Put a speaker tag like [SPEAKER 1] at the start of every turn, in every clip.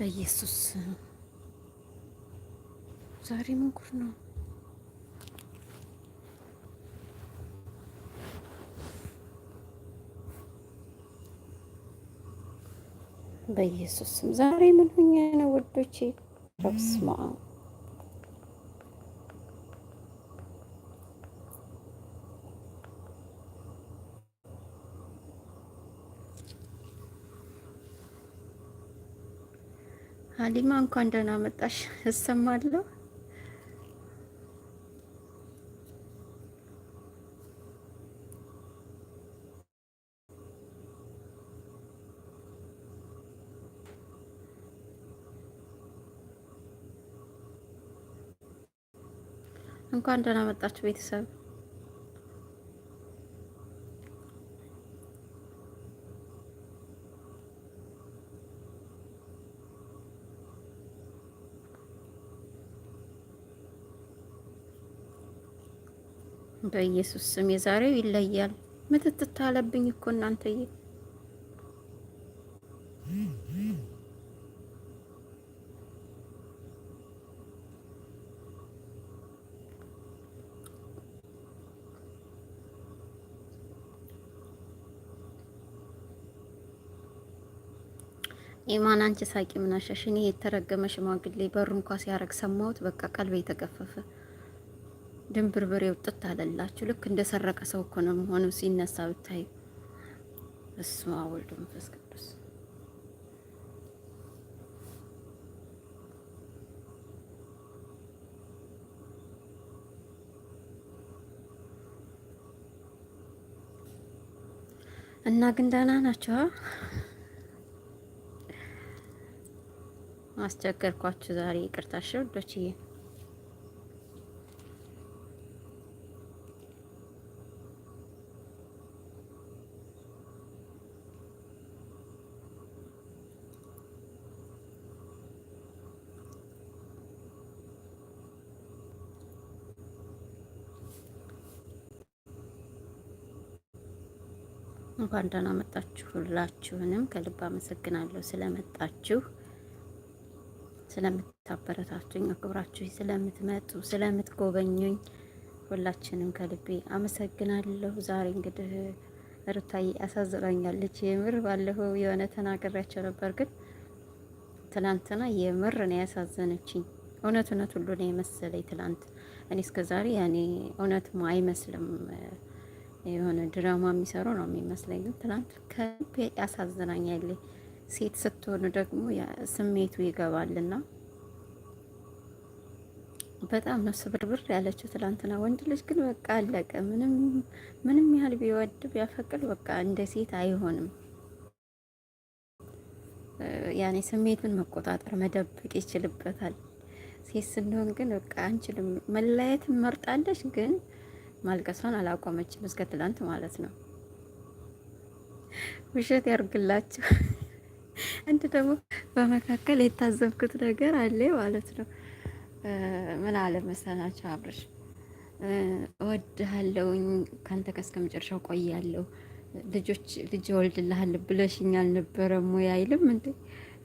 [SPEAKER 1] በኢየሱስ ዛሬ ምን ጉድ ነው? በኢየሱስም ዛሬ ምን ሆኜ ነው? ወዶቼ ረብስማ ሀሊማ እንኳን ደህና መጣሽ። እሰማለሁ እንኳን ደህና መጣችሁ ቤተሰብ። በኢየሱስ ስም የዛሬው ይለያል። ምትትታለብኝ እኮ እናንተዬ። ኢማን አንቺ ሳቂ ምናሸሽ። እኔ የተረገመ ሽማግሌ በሩን ኳስ ያረግ ሰማሁት። በቃ ቀልቤ የተገፈፈ ድንብርብሬ ውጥት አለላችሁ። ልክ እንደሰረቀ ሰው እኮ ነው የሚሆነው ሲነሳ ብታይ። በስመ አብ ወወልድ ወመንፈስ ቅዱስ እና ግን ደህና ናቸው። አስቸገርኳችሁ ዛሬ ይቅርታ ሽዶችዬ። እንኳን ደህና መጣችሁ። ሁላችሁንም ከልብ አመሰግናለሁ ስለመጣችሁ፣ ስለምታበረታቱኝ፣ አክብራችሁ ስለምትመጡ፣ ስለምትጎበኙኝ ሁላችንም ከልቤ አመሰግናለሁ። ዛሬ እንግዲህ ሩታዬ አሳዝናኛለች። የምር ባለፈው የሆነ ተናገሪያቸው ነበር፣ ግን ትላንትና የምር ነው ያሳዘነችኝ። እውነት እውነት ሁሉ ነው የመሰለኝ ትላንት። እኔ እስከዛሬ ያኔ እውነትም አይመስልም የሆነ ድራማ የሚሰሩ ነው የሚመስለኝ። ግን ትናንት ከልቤ ያሳዝናኛል። ሴት ስትሆኑ ደግሞ ስሜቱ ይገባልና በጣም ነው ስብርብር ያለችው ትላንትና። ወንድ ልጅ ግን በቃ አለቀ። ምንም ምንም ያህል ቢወድ ቢያፈቅር በቃ እንደ ሴት አይሆንም። ያኔ ስሜቱን መቆጣጠር መደበቅ ይችልበታል። ሴት ስንሆን ግን በቃ አንችልም። መለያየት መርጣለች ግን ማልቀሷን አላቆመችም እስከ ትላንት ማለት ነው። ውሸት ያርግላችሁ። እንድ ደግሞ በመካከል የታዘብኩት ነገር አለ ማለት ነው። ምን አለ መሰላችሁ አብርሽ እወድሃለሁኝ ከአንተ ጋር መጨረሻው ቆያለሁ፣ ልጆች ልጅ ወልድልሃል ብለሽኝ አልነበረም ወይ አይልም እንዴ?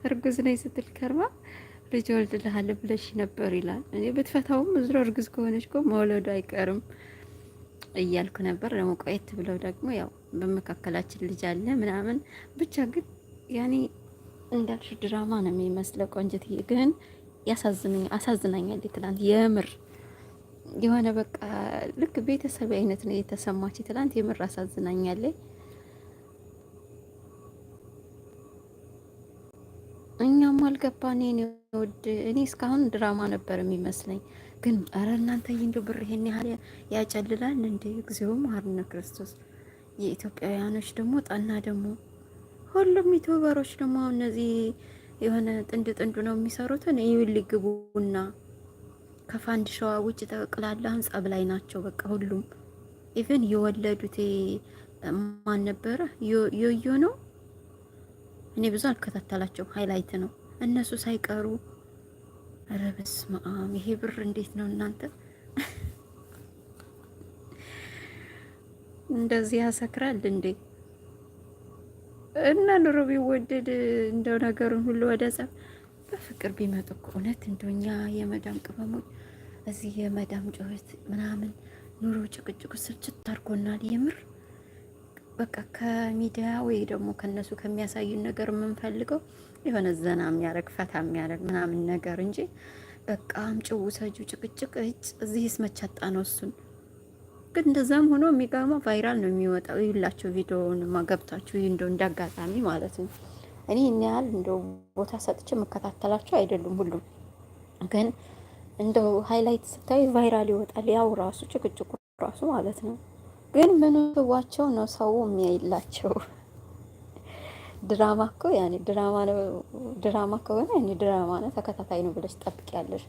[SPEAKER 1] እርጉዝ ነኝ ስትል ከርማ ልጅ ወልድልሃል ብለሽ ነበር ይላል። እኔ ብትፈታውም እዝሮ እርግዝ ከሆነች እኮ መውለዱ አይቀርም እያልኩ ነበር። ደግሞ ቆየት ብለው ደግሞ ያው በመካከላችን ልጅ አለ ምናምን ብቻ ግን ያኔ እንዳልሽ ድራማ ነው የሚመስለው። ቆንጅትዬ ግን ያሳዝነኛል አሳዝናኛል። ትላንት የምር የሆነ በቃ ልክ ቤተሰብ አይነት ነው የተሰማች። ትላንት የምር አሳዝናኛለ። እኛም አልገባን። እኔ እስካሁን ድራማ ነበር የሚመስለኝ። ግን ኧረ እናንተ እንደው ብር ይሄን ያህል ያጨልላል እንዴ? እግዚኦ መሐረነ ክርስቶስ። የኢትዮጵያውያኖች ደግሞ ጠና ደግሞ ሁሉም ዩቱበሮች ደግሞ እነዚህ የሆነ ጥንድ ጥንዱ ነው የሚሰሩትን እኔ ይኸውልህ ግቡና ከፋንድ ሸዋ ውጭ ተቅላላ ህንጻብ ላይ ናቸው። በቃ ሁሉም ኢቨን የወለዱት ማን ነበረ? ዮዮ ነው። እኔ ብዙ አልከታተላቸው፣ ሀይላይት ነው እነሱ ሳይቀሩ ኧረ በስመ አብ! ይሄ ብር እንዴት ነው እናንተ? እንደዚህ ያሰክራል እንዴ? እና ኑሮ ቢወደድ እንደው ነገሩን ሁሉ ወደ ጸብ በፍቅር ቢመጡ እኮ እውነት እንደው እኛ የመዳም ቅመሞች እዚህ የመዳም ጩኸት ምናምን ኑሮ ጭቅጭቁ ስልችት ታርጎናል የምር በቃ ከሚዲያ ወይ ደግሞ ከነሱ ከሚያሳዩን ነገር የምንፈልገው የሆነ ዘና የሚያደርግ ፈታ የሚያደርግ ምናምን ነገር እንጂ በቃ አምጪው ጭቅጭቅ እጭ እዚህ ስመቻጣ ነው። እሱን ግን እንደዛም ሆኖ የሚገርመው ቫይራል ነው የሚወጣው። ይላቸው ቪዲዮውን ማገብታችሁ ይህ እንደው እንዳጋጣሚ ማለት ነው። እኔ እኒ ያህል እንደው ቦታ ሰጥቼ መከታተላቸው አይደሉም ሁሉም ግን እንደው ሃይላይት ስታዩ ቫይራል ይወጣል። ያው ራሱ ጭቅጭቁ ራሱ ማለት ነው። ግን ምን ዋቸው ነው ሰው የሚያይላቸው? ድራማ እኮ ያኔ ድራማ ነው። ድራማ ከሆነ ያኔ ድራማ ነው፣ ተከታታይ ነው ብለሽ ጠብቂያለሽ።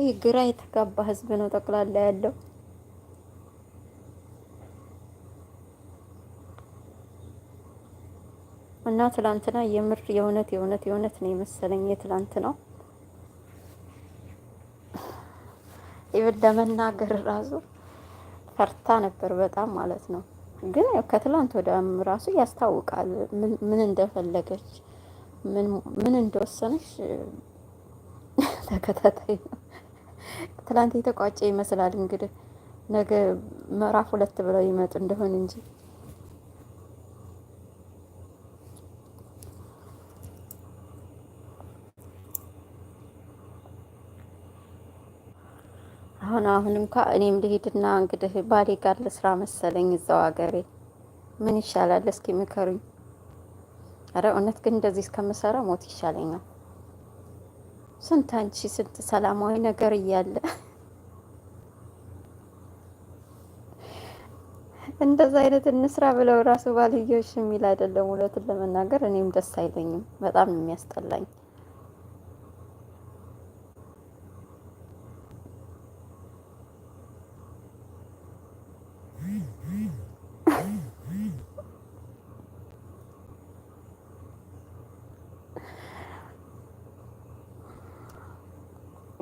[SPEAKER 1] ይህ ግራ የተጋባ ህዝብ ነው ጠቅላላ ያለው። እና ትላንትና የምር የእውነት የእውነት የእውነት ነው የመሰለኝ የትላንት ነው ይብል ለመናገር ራሱ ፈርታ ነበር በጣም ማለት ነው። ግን ከትላንት ወዲያም ራሱ ያስታውቃል ምን እንደፈለገች ምን እንደወሰነች ተከታታይ ነው። ትላንት የተቋጨ ይመስላል እንግዲህ ነገ ምዕራፍ ሁለት ብለው ይመጡ እንደሆን እንጂ አሁን አሁን እንኳ እኔም ልሂድና እንግዲህ ባሌ ጋር ልስራ መሰለኝ እዛው ሀገሬ። ምን ይሻላል እስኪ ምከሩኝ። ኧረ እውነት ግን እንደዚህ እስከምሰራ ሞት ይሻለኛል። ስንት አንቺ ስንት ሰላማዊ ነገር እያለ እንደዛ አይነት እንስራ ብለው ራሱ ባልዮሽ የሚል አይደለም። እውነትን ለመናገር እኔም ደስ አይለኝም። በጣም ነው የሚያስጠላኝ።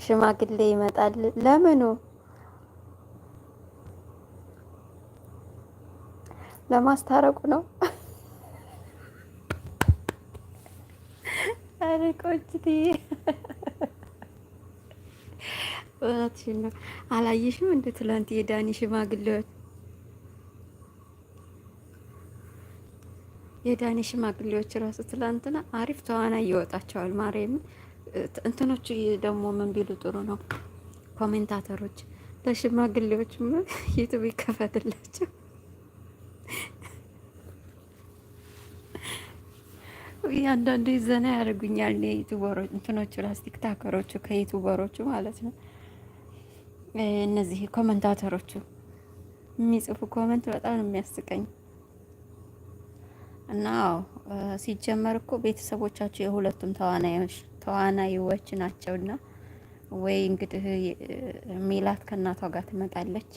[SPEAKER 1] ሽማግሌ ይመጣል። ለምኑ? ለማስታረቁ ነው። አረቆችቲ እውነትሽን ነው። አላየሽም? እንደ ትላንት የዳኒ ሽማግሌዎች የዳኒ ሽማግሌዎች ራሱ ትላንትና አሪፍ ተዋና ይወጣቸዋል ማርያምን እንትኖቹ ደግሞ ምን ቢሉ ጥሩ ነው? ኮሜንታተሮች ለሽማግሌዎች ዩቱብ ይከፈትላቸው። እያንዳንዱ ዘና ያደርጉኛል። የዩቱበሮች እንትኖቹ ራስ ቲክታከሮቹ ከዩቱበሮቹ ማለት ነው። እነዚህ ኮመንታተሮቹ የሚጽፉ ኮመንት በጣም ነው የሚያስቀኝ። እና ሲጀመር እኮ ቤተሰቦቻቸው የሁለቱም ተዋናዮች ተዋናዮች ናቸውና ወይ እንግዲህ ሚላት ከእናቷ ጋር ትመጣለች፣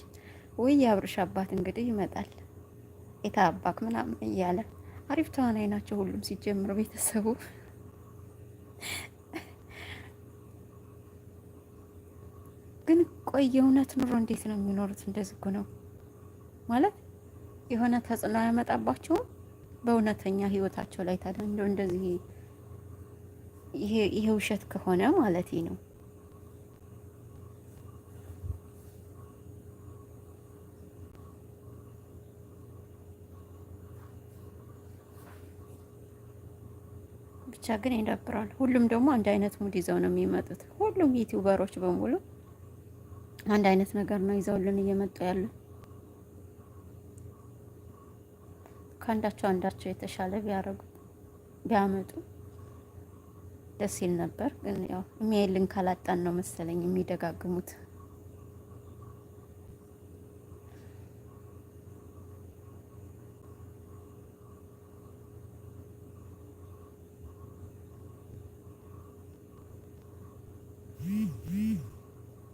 [SPEAKER 1] ወይ የአብርሽ አባት እንግዲህ ይመጣል የታ አባክ ምናምን እያለ አሪፍ ተዋናይ ናቸው ሁሉም ሲጀምሩ ቤተሰቡ ግን ቆይ የእውነት ኑሮ እንዴት ነው የሚኖሩት? እንደዚህ ነው ማለት የሆነ ተጽዕኖ አያመጣባቸውም በእውነተኛ ህይወታቸው ላይ ታዲያ እንደው እንደዚህ ይሄ ውሸት ከሆነ ማለት ነው። ብቻ ግን ይደብራል። ሁሉም ደግሞ አንድ አይነት ሙድ ይዘው ነው የሚመጡት። ሁሉም ዩቲዩበሮች በሙሉ አንድ አይነት ነገር ነው ይዘውልን እየመጡ ያሉ። ከአንዳቸው አንዳቸው የተሻለ ቢያረጉ ቢያመጡ ደስ ይል ነበር። ግን ያው የሚያይልን ካላጣን ነው መሰለኝ የሚደጋግሙት።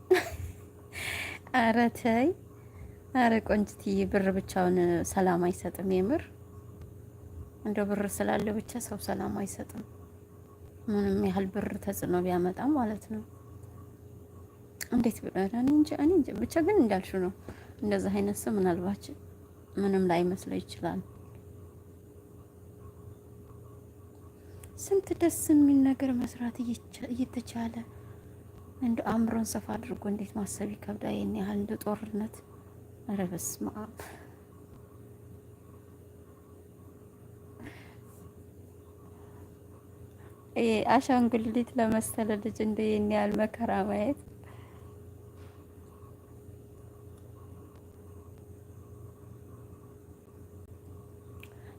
[SPEAKER 1] አረ ተይ፣ አረ ቆንጅትዬ ብር ብቻውን ሰላም አይሰጥም። የምር እንደው ብር ስላለ ብቻ ሰው ሰላም አይሰጥም። ምንም ያህል ብር ተጽዕኖ ቢያመጣ ማለት ነው። እንዴት ብለን እንጂ ብቻ ግን እንዳልሹ ነው። እንደዚህ አይነት ሰው ምናልባት ምንም ላይ መስለው ይችላል። ስንት ደስ የሚል ነገር መስራት እየተቻለ እንደ አእምሮን ሰፋ አድርጎ እንዴት ማሰብ ይከብዳል። ይህን ያህል እንደ ጦርነት ረበስ አሻንጉሊት ለመሰለ ልጅ እንደ ይህን ያህል መከራ ማየት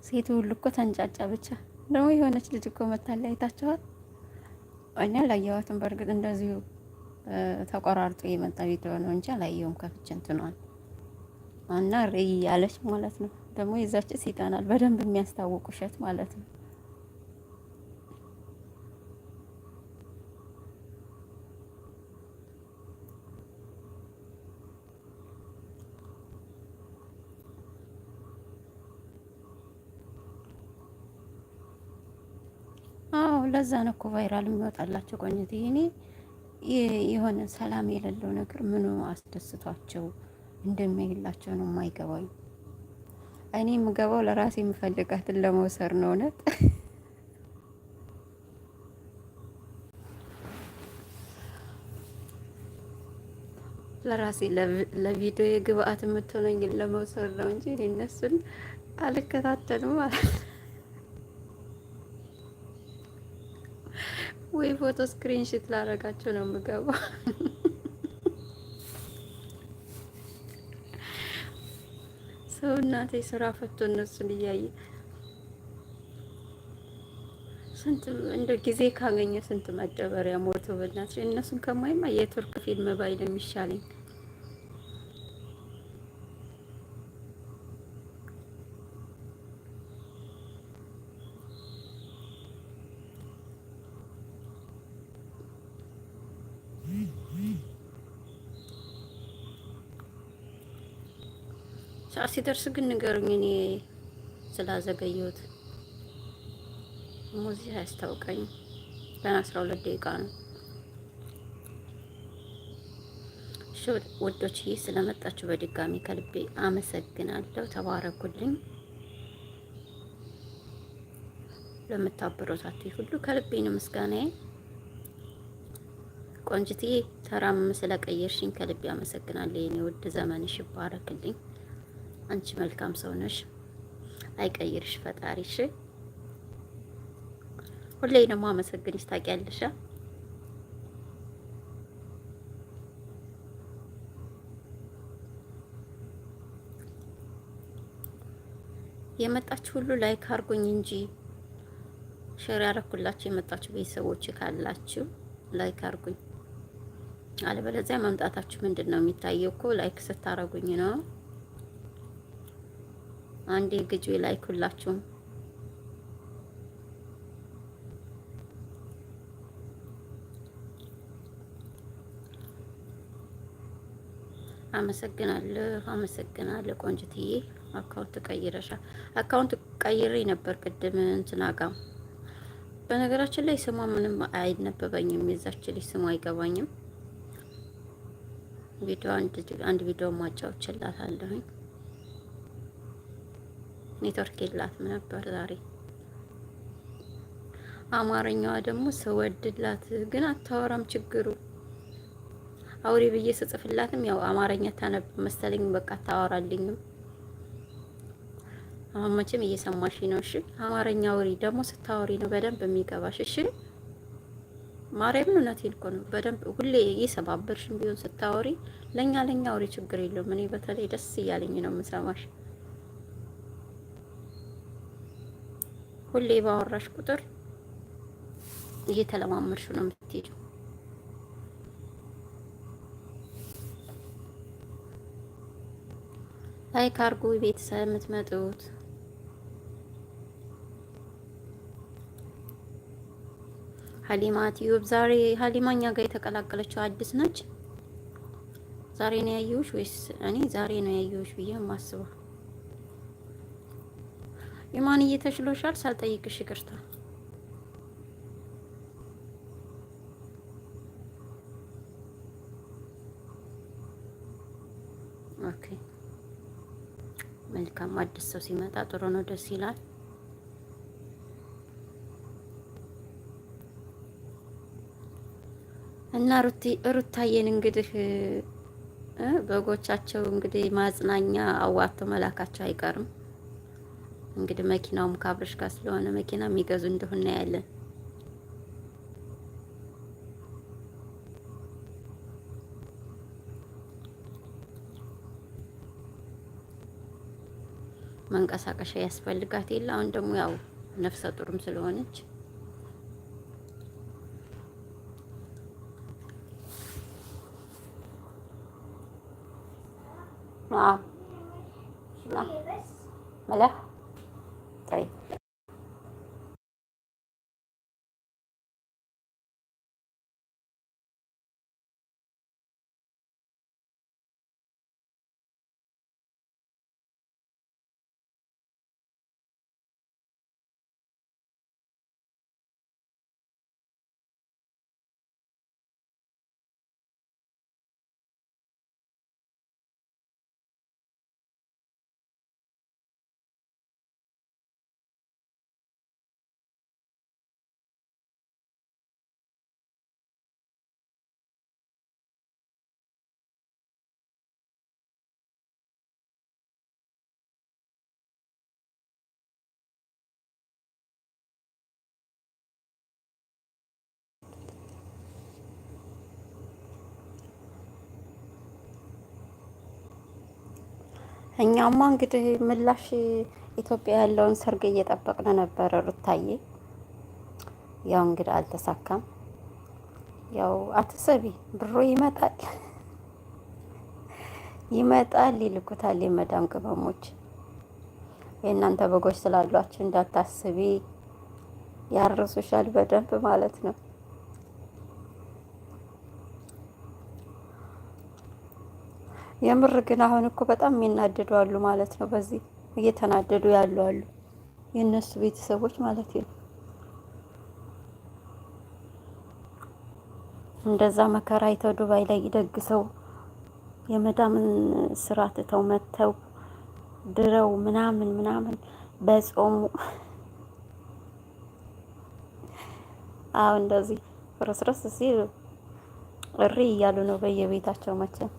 [SPEAKER 1] ሴት ሁሉ እኮ ተንጫጫ። ብቻ ደግሞ የሆነች ልጅ እኮ መታለያ አይታችኋል? እኔ አላየኋትም። በእርግጥ እንደዚሁ ተቆራርጦ የመጣ ቪዲዮ ነው እንጂ አላየውም። ከፍቼ እንትኗል እና ሬይ ያለች ማለት ነው። ደግሞ የዛች ሴጣናል በደንብ የሚያስታውቅ ውሸት ማለት ነው። ለዛ ነው እኮ ቫይራል የሚወጣላቸው። ቆኝት ይኔ የሆነ ሰላም የሌለው ነገር ምኑ አስደስቷቸው እንደሚያይላቸው ነው የማይገባኝ። እኔ የምገባው ለራሴ የምፈልጋትን ለመውሰር ነው እውነት ለራሴ ለቪዲዮ የግብአት የምትሆነኝ ለመውሰድ ነው እንጂ እነሱን አልከታተልም ማለት ነው። ወይ ፎቶ ስክሪንሽት ላረጋቸው ነው የምገባው። ሰው እናቴ ስራ ፈቶ እነሱን እያየ ስንት እንደ ጊዜ ካገኘ ስንት መደበሪያ ሞቶ በእናትሽ እነሱን ከማይማ የቱርክ ፊልም ባይ ነው የሚሻለኝ። ሲደርስ ግን ንገሩኝ፣ እኔ ስላዘገየሁት ሙዚህ አያስታውቀኝም። ገና አስራ ሁለት ደቂቃ ነው። ወዶች ይህ ስለመጣችሁ በድጋሚ ከልቤ አመሰግናለሁ። ተባረኩልኝ። ለምታበረታቱኝ ሁሉ ከልቤ ነው ምስጋናዬ። ቆንጅትዬ ተራም ስለቀየርሽኝ ከልቤ አመሰግናለሁ። የኔ ውድ ዘመንሽ ይባረክልኝ። አንቺ መልካም ሰው ነሽ፣ አይቀይርሽ ፈጣሪሽ። ሁሌ ደግሞ አመሰግንሽ ታውቂያለሽ። የመጣችሁ ሁሉ ላይክ አድርጉኝ እንጂ ሼር ያረኩላችሁ የመጣችሁ ቤተሰቦች ካላችሁ ላይክ አድርጉኝ። አለበለዚያ መምጣታችሁ ምንድን ነው የሚታየው? እኮ ላይክ ስታረጉኝ ነው። አንዴ ግጩ ላይክ ሁላችሁም አመሰግናለሁ አመሰግናለሁ ቆንጅትዬ አካውንት ቀይረሻ አካውንት ቀይሬ ነበር ቅድም እንትና ጋር በነገራችን ላይ ስሟ ምንም አይነበበኝም የዛች ልጅ ስሟ አይገባኝም ቪዲዮ አንድ ቪዲዮ ማጫወት እችላለሁኝ ኔትወርክ የላትም ነበር ዛሬ። አማርኛዋ ደግሞ ስወድላት ግን አታወራም። ችግሩ አውሪ ብዬ ስጽፍላትም ያው አማርኛ ታነብ መሰለኝ። በቃ አታወራልኝም። አሁን መቼም እየሰማሽ ነው። እሺ አማርኛ አውሪ። ደግሞ ስታወሪ ነው በደንብ የሚገባሽ። እሺ ማርያምን እውነቴን እኮ ነው። በደንብ ሁሌ እየሰባበርሽም ቢሆን ስታወሪ ለእኛ ለእኛ አውሪ፣ ችግር የለውም። እኔ በተለይ ደስ እያለኝ ነው የምሰማሽ። ሁሌ ባወራሽ ቁጥር እየተለማመድሽ ነው የምትሄጂው። አይ ካርጎ ቤተሰብ የምትመጡት ሀሊማ ቲዩብ ዛሬ ሀሊማ እኛ ጋር የተቀላቀለችው አዲስ ነች። ዛሬ ነው ያየሁሽ ወይስ እኔ ዛሬ ነው ያየሁሽ ብዬ የማስበው? ኢማን እየተችሎሻል ሳልጠይቅሽ ይቅርታ። ኦኬ መልካም። አዲስ ሰው ሲመጣ ጥሩ ነው፣ ደስ ይላል። እና ሩታዬን እንግዲህ በጎቻቸው እንግዲህ ማጽናኛ አዋቶ መላካቸው አይቀርም። እንግዲህ መኪናውም ካብረሽ ጋር ስለሆነ መኪና የሚገዙ እንደሆነ ያለን መንቀሳቀሻ ያስፈልጋት የለ። አሁን ደግሞ ያው ነፍሰ ጡርም ስለሆነች ላ እኛማ እንግዲህ ምላሽ ኢትዮጵያ ያለውን ሰርግ እየጠበቅን ነበረ። ሩታዬ ያው እንግዲህ አልተሳካም። ያው አትሰቢ ብሮ ይመጣል ይመጣል ይልኩታል። የመዳም ቅመሞች የእናንተ በጎች ስላሏችሁ እንዳታስቢ፣ ያርሱሻል በደንብ ማለት ነው። የምር ግን አሁን እኮ በጣም የሚናደዱ አሉ ማለት ነው። በዚህ እየተናደዱ ያሉ አሉ፣ የእነሱ ቤተሰቦች ማለት ነው። እንደዛ መከራ አይተው ዱባይ ላይ ይደግሰው የመዳምን ስራ ትተው መተው ድረው ምናምን ምናምን በጾሙ አሁን እንደዚህ ፍርስርስ ሲል እሪ እያሉ ነው በየቤታቸው መቼም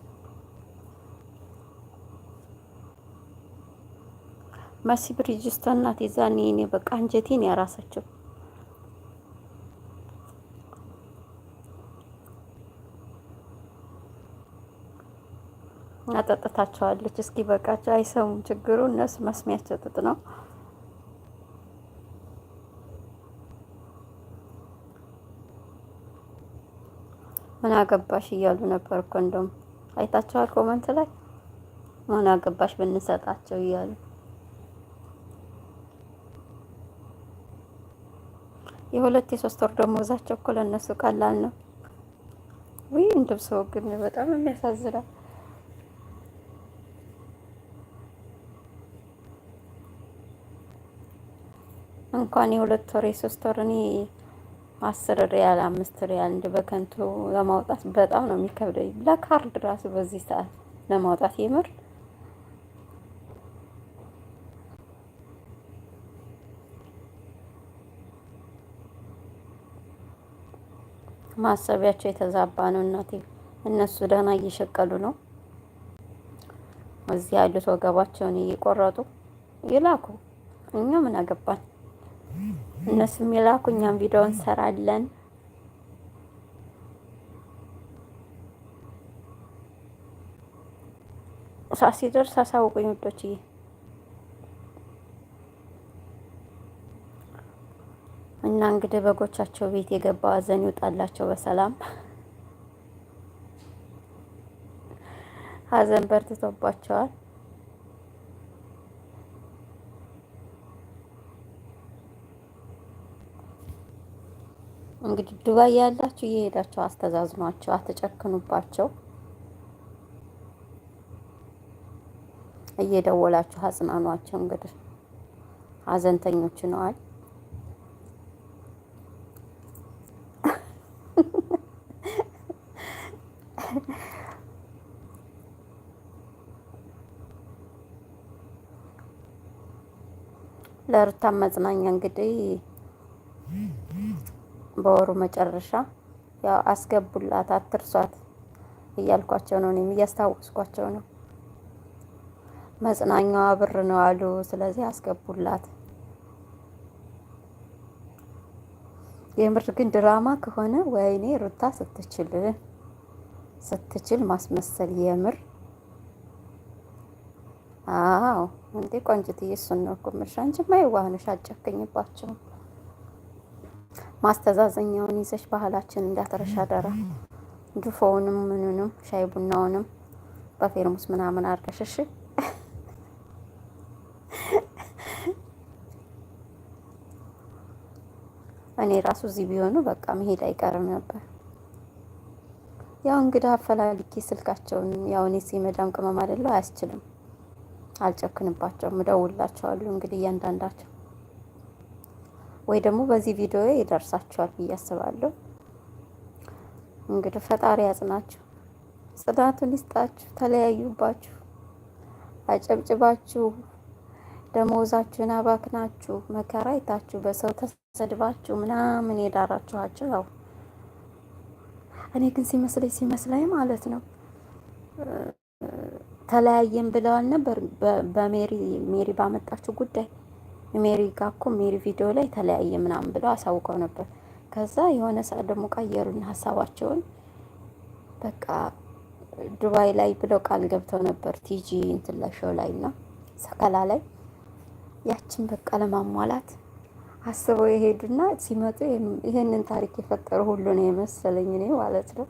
[SPEAKER 1] መሲ ብርጅስቷ እናት የዛኔ እኔ በቃ አንጀቴን ያራሰችው አጠጥታቸዋለች። እስኪ በቃቸው፣ አይሰሙም። ችግሩ እነሱ መስሚያቸው ጥጥ ነው። ምን አገባሽ እያሉ ነበር እኮ እንደውም አይታችኋል፣ ኮመንት ላይ ምን አገባሽ ብንሰጣቸው እያሉ የሁለት የሶስት ወር ደሞዛቸው እኮ ለእነሱ ቀላል ነው። ውይ እንደው ሰው ግን በጣም የሚያሳዝነው እንኳን የሁለት ወር የሶስት ወር እኔ አስር ሪያል አምስት ሪያል እንደ በከንቱ ለማውጣት በጣም ነው የሚከብደኝ። ለካርድ ራሱ በዚህ ሰዓት ለማውጣት የምር ማሰቢያቸው የተዛባ ነው እናቴ። እነሱ ደህና እየሸቀሉ ነው። እዚህ ያሉት ወገባቸውን እየቆረጡ ይላኩ። እኛ ምን አገባን? እነሱም ይላኩ፣ እኛም ቪዲዮ እንሰራለን። ሳሲደርስ አሳውቁኝ ውዶችዬ። እና እንግዲህ በጎቻቸው ቤት የገባ ሀዘን ይውጣላቸው በሰላም ሀዘን በርትቶባቸዋል። እንግዲህ ዱባይ ያላችሁ እየሄዳችሁ አስተዛዝኗቸው፣ አትጨክኑባቸው። እየደወላችሁ አጽናኗቸው። እንግዲህ ሀዘንተኞች ነዋል። ለሩታ መጽናኛ እንግዲህ በወሩ መጨረሻ ያው አስገቡላት፣ አትርሷት እያልኳቸው ነው። እኔም እያስታወስኳቸው ነው። መጽናኛዋ ብር ነው አሉ። ስለዚህ አስገቡላት። የምር ግን ድራማ ከሆነ ወይኔ ሩታ ስትችል ስትችል ማስመሰል የምር አዎ እንዴ ቆንጅትዬ፣ እሱን ነው እኮ የምልሽ። አንቺማ የዋህ ነሽ፣ ማስተዛዘኛውን ይዘሽ ባህላችን እንዳትረሻ አደራ። ድፎውንም ምኑንም ሻይ ቡናውንም በፌርሙስ ምናምን አድርገሽ እሺ። እኔ ራሱ እዚህ ቢሆኑ በቃ መሄድ አይቀርም ነበር። ያው እንግዲህ አፈላልጌ ስልካቸውን ያው እኔ ሲመዳም ቅመም አይደለሁ አያስችልም፣ አልጨክንባቸውም፣ እደውልላቸዋለሁ እንግዲህ እያንዳንዳቸው ወይ ደግሞ በዚህ ቪዲዮ ይደርሳቸዋል ብዬ አስባለሁ። እንግዲህ ፈጣሪ ያጽናችሁ፣ ጽናቱን ይስጣችሁ፣ ተለያዩባችሁ፣ አጨብጭባችሁ ደሞዛችሁን አባክናችሁ መከራ አይታችሁ በሰው ተሰድባችሁ ምናምን የዳራችኋቸው ያው እኔ ግን ሲመስለኝ ሲመስለኝ ማለት ነው ተለያየን ብለዋል ነበር በሜሪ ሜሪ ባመጣችው ጉዳይ ሜሪ ጋር እኮ ሜሪ ቪዲዮ ላይ ተለያየ ምናምን ብለው አሳውቀው ነበር። ከዛ የሆነ ሰዓት ደግሞ ቀየሩና ሀሳባቸውን በቃ ዱባይ ላይ ብለው ቃል ገብተው ነበር ቲጂ እንትን ላይ ሾው ላይ እና ሰከላ ላይ ያችን በቃ ለማሟላት አስበው የሄዱና ሲመጡ ይህንን ታሪክ የፈጠሩ ሁሉ ነው የመሰለኝ እኔ ማለት ነው።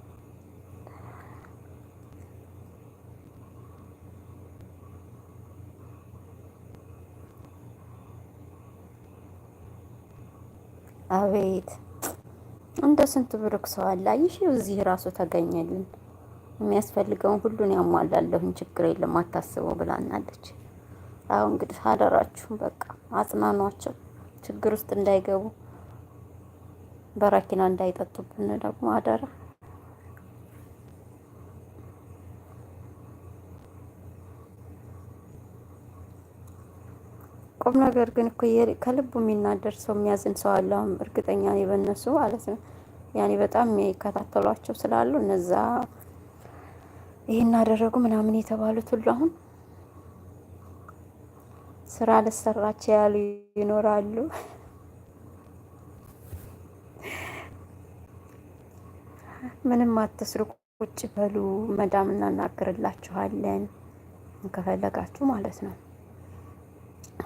[SPEAKER 1] አቤት እንደ ስንት ብርክ ሰው አለ። አይሽ እዚህ ራሱ ተገኘልን። የሚያስፈልገውን ሁሉን ያሟላለሁን ችግር የለም አታስበው ብላናለች። አሁን እንግዲህ አደራችሁን በቃ አጽናኗቸው። ችግር ውስጥ እንዳይገቡ በራኪና እንዳይጠጡብን ደግሞ አደራ። ቁም ነገር ግን እኮ ከልቡ የሚናደር ሰው የሚያዝን ሰው አለ። አሁን እርግጠኛ ነኝ በእነሱ ማለት ነው ያኔ በጣም የሚከታተሏቸው ስላሉ እነዛ ይህን አደረጉ ምናምን የተባሉት ሁሉ አሁን ስራ ለሰራቸው ያሉ ይኖራሉ። ምንም አትስሩ፣ ቁጭ በሉ፣ መዳም እናናግርላችኋለን ከፈለጋችሁ ማለት ነው።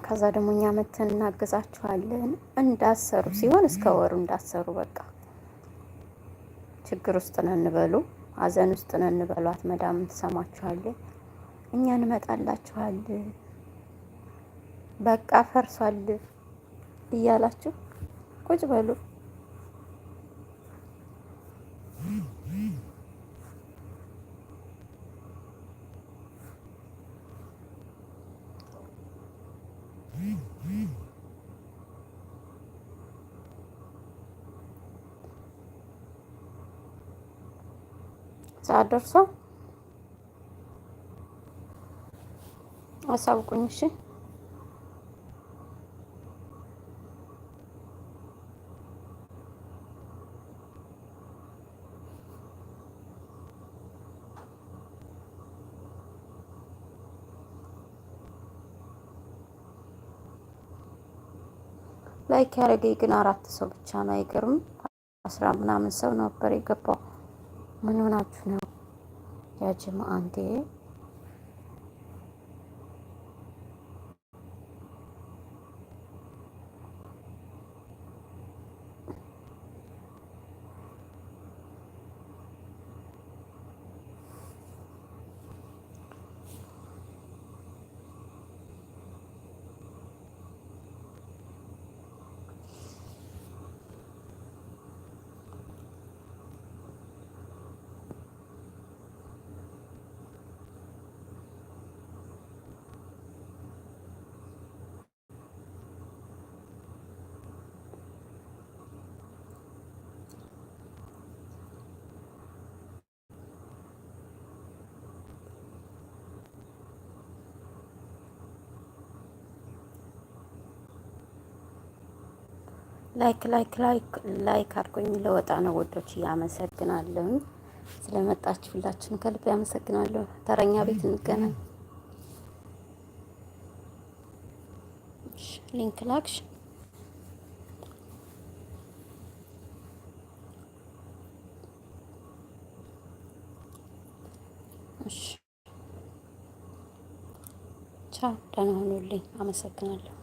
[SPEAKER 1] ከዛ ደግሞ እኛ መተን እናግዛችኋለን። እንዳሰሩ ሲሆን እስከ ወሩ እንዳሰሩ በቃ ችግር ውስጥ ነን በሉ፣ ሀዘን ውስጥ ነን በሏት። መዳም ትሰማችኋለን፣ እኛ እንመጣላችኋለን። በቃ ፈርሷል እያላችሁ ቁጭ በሉ። ሰዓት ደርሶ አሳውቁኝ እሺ። ላይክ ያደረገኝ ግን አራት ሰው ብቻ ነው። አይገርም? አስራ ምናምን ሰው ነበር የገባው። ምን ሆናችሁ ነው ያጅማ አንዴ ላይክ ላይክ ላይክ ላይክ አድርጎኝ ለወጣ ነው ወዶች፣ አመሰግናለሁኝ ስለመጣችሁላችሁን ከልብ ያመሰግናለሁ። ተረኛ ቤት እንገናኝ። ሊንክ ላክሽ ቻው፣ ደህና ሆኑልኝ። አመሰግናለሁ።